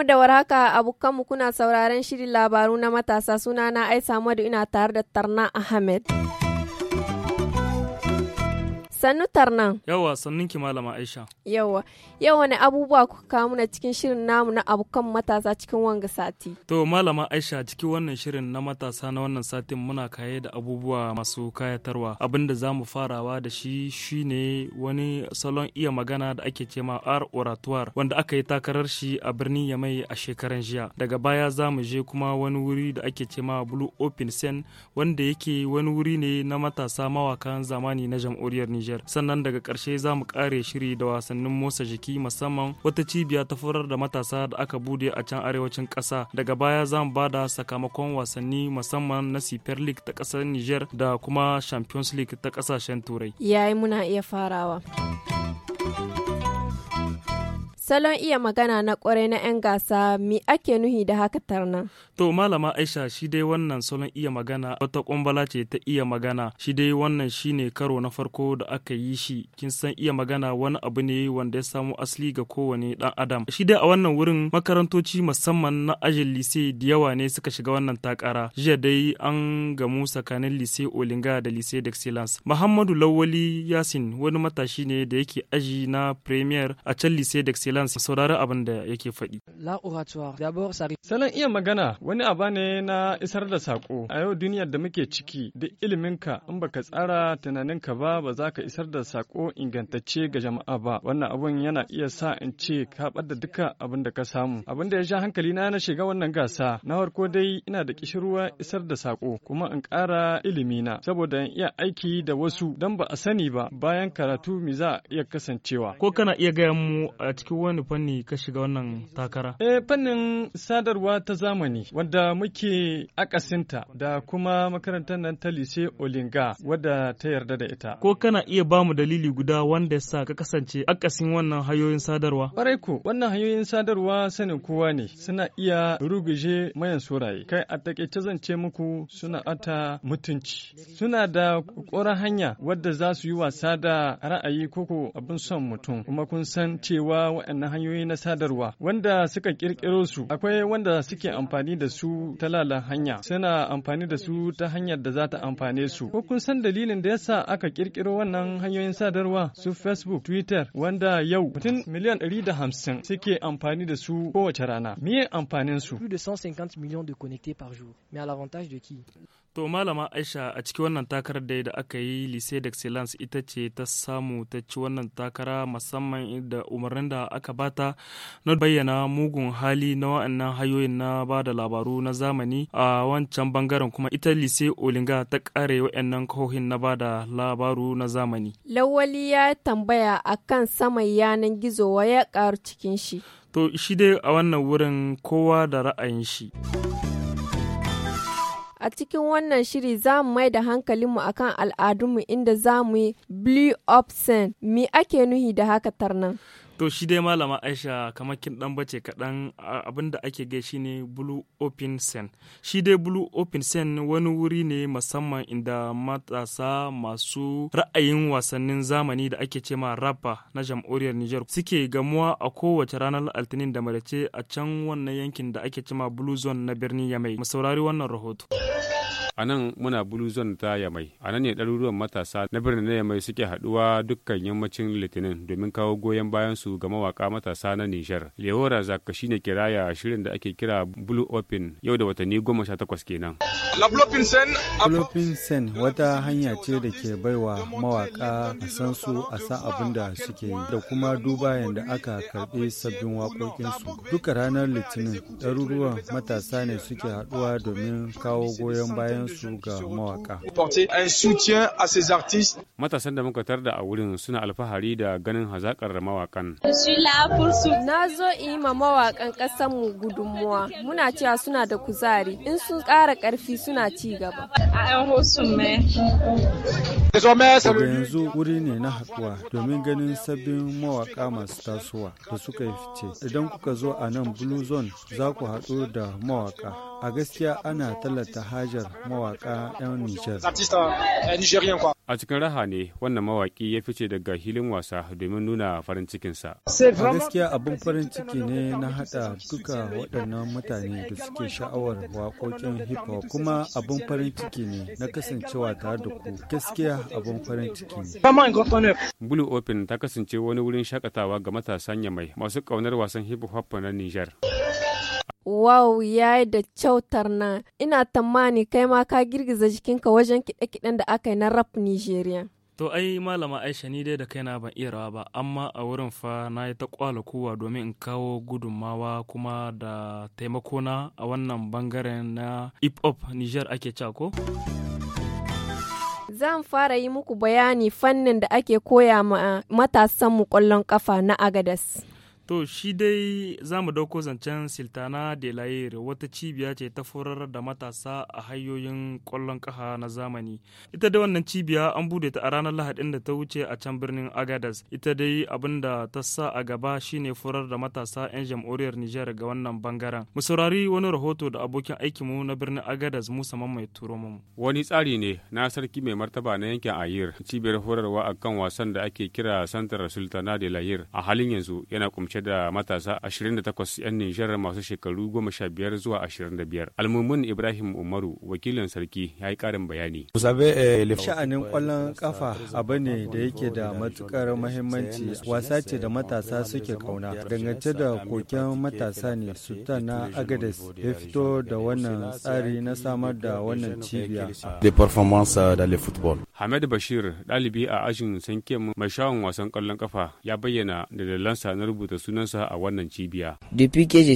mu da warhaka mu kuna sauraron shirin labaru na matasa sunana Aisha Madu ina tare da Tarna Ahmed. sannu tarnan. Yawa sannun ki malama Aisha. Yawa yawa ne abubuwa kuka kawo na cikin shirin namu na abokan matasa cikin wanga sati. To malama Aisha cikin wannan shirin na matasa na wannan satin muna kaye da abubuwa masu kayatarwa. Abinda za mu farawa da shi shine wani salon iya magana da ake ce ma art oratoire wanda aka yi takarar shi a birnin Yamai a shekaran jiya. Daga baya za mu je kuma wani wuri da ake ce ma Blue Open Sen wanda yake wani wuri ne na matasa mawakan zamani na jam'uriyar Nijar. Niger. Sannan daga ƙarshe za mu ƙare shiri da wasannin motsa jiki musamman wata cibiya ta furar da matasa da aka bude a can arewacin ƙasa. Daga baya za mu bada sakamakon wasanni musamman na Super League ta ƙasar niger da kuma Champions League ta ƙasashen Turai. Yayi muna iya farawa. Salon iya magana na kwarai na 'yan gasa mi ake nuhi da haka tarnan. To malama Aisha shi dai wannan salon iya magana wata kumbala ce ta iya magana shi dai wannan shi ne karo na farko da aka yi shi kin san iya magana wani abu ne wanda ya samo asali ga kowane dan adam. Shi dai a wannan wurin makarantoci musamman na ajin lise da yawa ne suka shiga wannan takara. Jiya dai an gamu tsakanin lise Olinga da lise Dexilance. Muhammadu Lawali Yasin wani matashi ne da yake aji na premier a can lise Dexilance. Milan su saurari abin da yake faɗi. Salon iya magana wani aba ne na isar da saƙo a yau duniyar da muke ciki da iliminka in baka tsara tunaninka ba ba za ka isar da saƙo ingantacce ga jama'a ba wannan abun yana iya sa in ce ka ɓadda duka abin da ka samu abin da ya sha hankali na na shiga wannan gasa na farko dai ina da kishirwa isar da saƙo kuma in ƙara ilimina saboda in iya aiki da wasu don ba a sani ba bayan karatu mi za a iya kasancewa ko kana iya gaya mu a cikin wani fanni ka shiga wannan takara? Eh fannin sadarwa ta zamani wadda muke akasinta da kuma makarantar nan ta lise Olinga wadda ta yarda da ita. Ko kana iya ba mu dalili guda wanda ya sa ka kasance akasin wannan hanyoyin sadarwa? Kwarai ko wannan hanyoyin sadarwa sanin kowa ne suna iya ruguje mayan suraye. Kai a takaice zan ce muku suna ata mutunci. Suna da ƙoran hanya wadda za su yi wasa da ra'ayi koko abin son mutum kuma kun san cewa waɗannan hanyoyi na sadarwa wanda suka ƙirƙiro su akwai wanda suke amfani da su ta lalan hanya suna amfani da su ta hanyar da za ta amfane su ko kun san dalilin da yasa aka kirkiro wannan hanyoyin sadarwa su facebook twitter wanda yau mutum miliyan hamsin suke amfani da su kowace rana miye amfanin su de par To Malama Aisha a cikin wannan takarar da da aka yi Lise d'Excellence ita ce ta samu ta ci wannan takara musamman da umarnin da aka bata na bayyana mugun hali na wa'annan hayoyin na ba da labaru na zamani a wancan bangaren kuma ita Lise Olinga ta kare wa'annan kohin na ba da labaru na zamani. Lawali ya tambaya akan saman yanan gizo ya karu cikin shi. To shi dai a wannan wurin kowa da ra'ayin shi. A cikin wannan shiri za mu mai da hankalinmu kan al'adunmu inda za mu yi Blue Option. Me ake nuhi da haka tarnan? to shi dai malama aisha kamar kin dan bace kaɗan da ake gai shi ne blue open sen shi dai blue open sen wani wuri ne musamman inda matasa masu ra'ayin wasannin zamani da ake cema rapper na jam'uriyar niger suke gamuwa a kowace ranar altinin da marace a can wannan yankin da ake cema blue zone na birnin yamai mu saurari wannan rahoto a nan muna blue zone ta yamai a nan ne ɗaruruwan matasa na birnin na yamai suke haɗuwa dukkan yammacin litinin domin kawo goyon bayan su ga mawaka matasa na nijar lewora zaka shine kiraya shirin da ake kira blue open yau da watanni goma sha takwas kenan sen wata hanya ce da ke baiwa mawaka a san su a san abin da suke yi da kuma duba yadda aka karɓi sabbin waƙoƙinsu duka ranar litinin ɗaruruwan matasa ne suke haɗuwa domin kawo goyon bayan su ga Matasan da muka tarda a wurin suna alfahari da ganin hazakar mawakan. Na zo in yi ma mawakan ƙasar mu gudunmuwa. Muna cewa suna da kuzari. In sun ƙara ƙarfi suna ci gaba. a 'yan yanzu wuri ne na haɗuwa domin ganin sabbin mawaƙa masu tasowa da suka yi fice. Idan kuka zo a nan Blue Zone za ku haɗu da mawaƙa. A gaskiya ana talata hajar mawaƙa 'yan Nijar. Eh, A cikin raha ne wannan mawaki ya fice daga hilin wasa domin nuna farin cikinsa. A gaskiya abin farin ciki ne na hada duka waɗannan mutane da suke sha'awar waƙoƙin hip hop kuma abin farin ciki ne na kasancewa tare da ku. Gaskiya abin farin ciki ne. Blue Open ta kasance wani wurin shakatawa ga matasan yamai masu ƙaunar wasan hip hop na niger. Wow, yayi da kyautar na Ina tamani kai ma ka girgiza jikinka wajen kiɗe-kiɗen da aka yi na rap Nigeria. To ai malama Aisha ni dai da kaina ban iya rawa ba, amma a wurin fa na yi ta kwala kowa domin in kawo gudunmawa kuma da taimakona a wannan bangaren na hip hop Niger ake ca ko? Zan fara yi muku bayani fannin da ake koya ma matasanmu kwallon kafa na Agadas. To shi dai za mu dauko zancen Siltana de wata cibiya ce ta furar da matasa a hanyoyin ƙwallon kaha na zamani. Ita dai wannan cibiya an bude ta a ranar Lahadin da ta wuce a can birnin Agadas. Ita dai abin da ta sa a gaba shine furar da matasa 'yan jam'uriyar Nijar ga wannan bangaren. Mu saurari wani rahoto da abokin mu na birnin Agadas Musa Mamman turo mu. Wani tsari ne na sarki mai martaba na yankin Ayir, cibiyar horarwa akan wasan da ake kira Santar Sultana de a halin yanzu yana kumce da matasa 28 'yan Nijar masu shekaru 15 zuwa 25. Almumun Ibrahim Umaru wakilin sarki ya yi karin bayani. Eh, Sha'anin kwallon kafa abu ne da yake da matukar mahimmanci wasa ce da matasa suke kauna. Dangance da koken matasa ne Sultan na Agades ya fito da wannan tsari na samar da wannan cibiya. Euh, Hamed Bashir ɗalibi a ajin sanke mai shawon wasan kwallon kafa ya bayyana da dalilansa na rubuta su sunansa a wannan cibiya.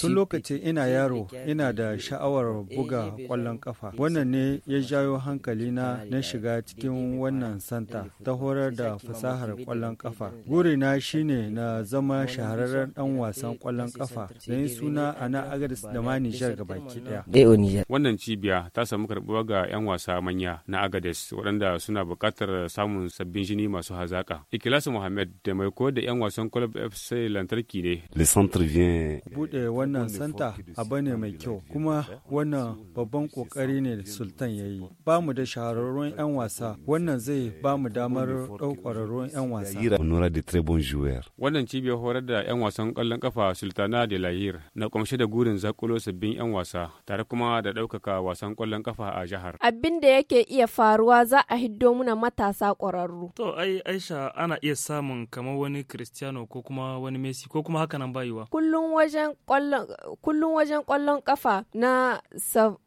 Tun lokacin ina yaro ina da sha'awar buga ƙwallon kafa. Wannan ne ya jayo hankalina na shiga cikin wannan santa ta horar da fasahar kwallon kafa. Gurina shine na zama shahararren ɗan wasan ƙwallon kafa da yin suna a na Agadis da ma Nijar baki ɗaya. Wannan cibiya ta samu karɓuwa ga 'yan wasa manya na Agadis waɗanda suna buƙatar samun sabbin jini masu hazaƙa. Ikilasu Muhammad da mai da 'yan wasan Club FC Lantarki aiki dai. centre vient. Buɗe wannan santa abu ne mai kyau kuma wannan babban ƙoƙari ne Sultan ya yi. Ba mu da shahararrun 'yan wasa wannan zai ba mu damar ɗaukwararrun 'yan wasa. Wannan cibiyar horar da 'yan wasan ƙwallon kafa Sultana de Lahir na ƙunshe da gurin zakulo sabbin 'yan wasa tare kuma da ɗaukaka wasan ƙwallon kafa a jihar. Abin da yake iya faruwa za a hiddo muna matasa ƙwararru. To ai Aisha ana iya samun kamar wani Cristiano ko kuma wani Messi ko ko kuma haka nan bayuwa kullum wajen kwallon kullum wajen kwallon kafa na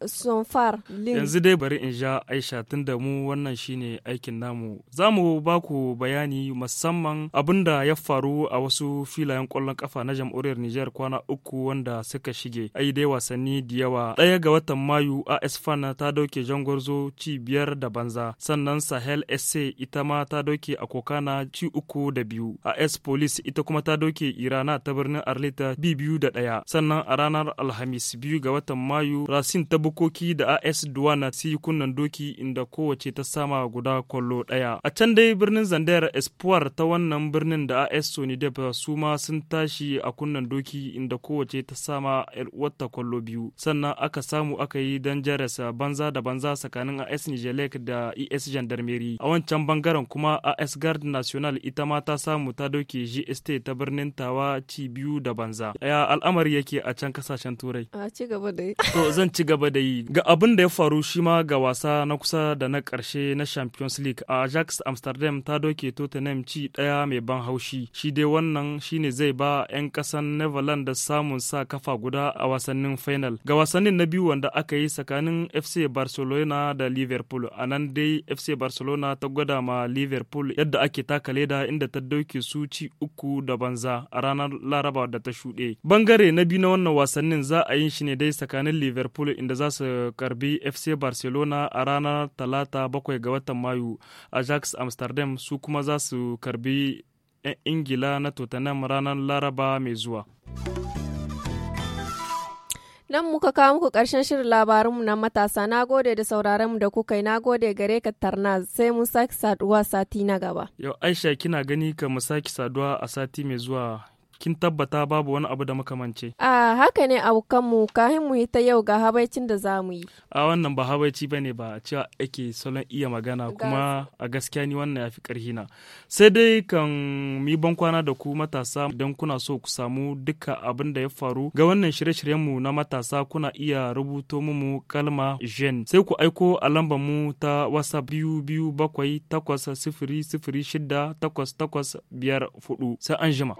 sunfar yanzu dai bari in ja aisha tunda mu wannan shine aikin namu za mu ba ku bayani musamman abin da ya faru a wasu filayen kwallon kafa na jamhuriyar niger kwana uku wanda suka shige ai dai wasanni da yawa ɗaya ga watan mayu as fan ta dauke jangorzo ci biyar da banza sannan sahel sa ita ma ta dauke a kokana ci uku da biyu as police ita kuma ta dauke iran rana ta birnin arlita biyu da ɗaya sannan a ranar alhamis biyu ga watan mayu rasin ta bukoki da as duwana su yi kunnan doki inda kowace ta sama guda kwallo ɗaya a can dai birnin zandayar espoir ta wannan birnin da as sonidep su ma sun tashi a kunnen doki inda kowace ta sama wata kwallo biyu sannan aka samu aka yi don jarasa banza da banza tsakanin as nijelek da es gendarmerie a wancan bangaren kuma as guard national ita ma ta samu ta doke gst ta birnin tawa ci biyu da banza ya al'amari yake a can kasashen turai a ci gaba da yi to zan ci gaba da yi ga abin da ya faru shi ma ga wasa na kusa da na karshe na champions league a ajax amsterdam ta doke tottenham ci daya mai ban haushi shi dai wannan shine zai ba 'yan kasan Neverland da samun sa kafa guda a wasannin final ga wasannin na biyu wanda aka yi tsakanin fc barcelona da liverpool a nan dai fc barcelona ta gwada ma liverpool yadda ake taka leda inda ta doke su ci uku da banza a ranar ranar laraba da ta shuɗe bangare na biyu na wannan wasannin za a yin shi ne dai tsakanin liverpool inda za su karbi fc barcelona a ranar talata bakwai ga watan mayu a ajax amsterdam su kuma za su karbi 'yan ingila na tottenham ranar laraba mai zuwa Nan muka kawo muku karshen shirin labarinmu na matasa. Na gode da sauraronmu da kuka yi. Na gode gare ka tarna sai mun sake saduwa sati na gaba. Yau Aisha kina gani ka mu sake saduwa a sati mai zuwa kin tabbata babu wani abu da makamance. A haka ne abokanmu kahin mu ta yau ga habaicin da za mu yi. A wannan ba habaici ba ne ba cewa ake salon iya magana kuma a gaskiya ni wannan ya fi ƙarhi na. Sai dai kan mi ban kwana da ku matasa idan kuna so ku samu duka abin da ya faru ga wannan shirye-shiryenmu na matasa kuna iya rubuto mu kalma jen sai ku aiko a lambar mu ta wasa biyu biyu bakwai takwas sifiri sifiri shida takwas takwas biyar fudu sai an jima.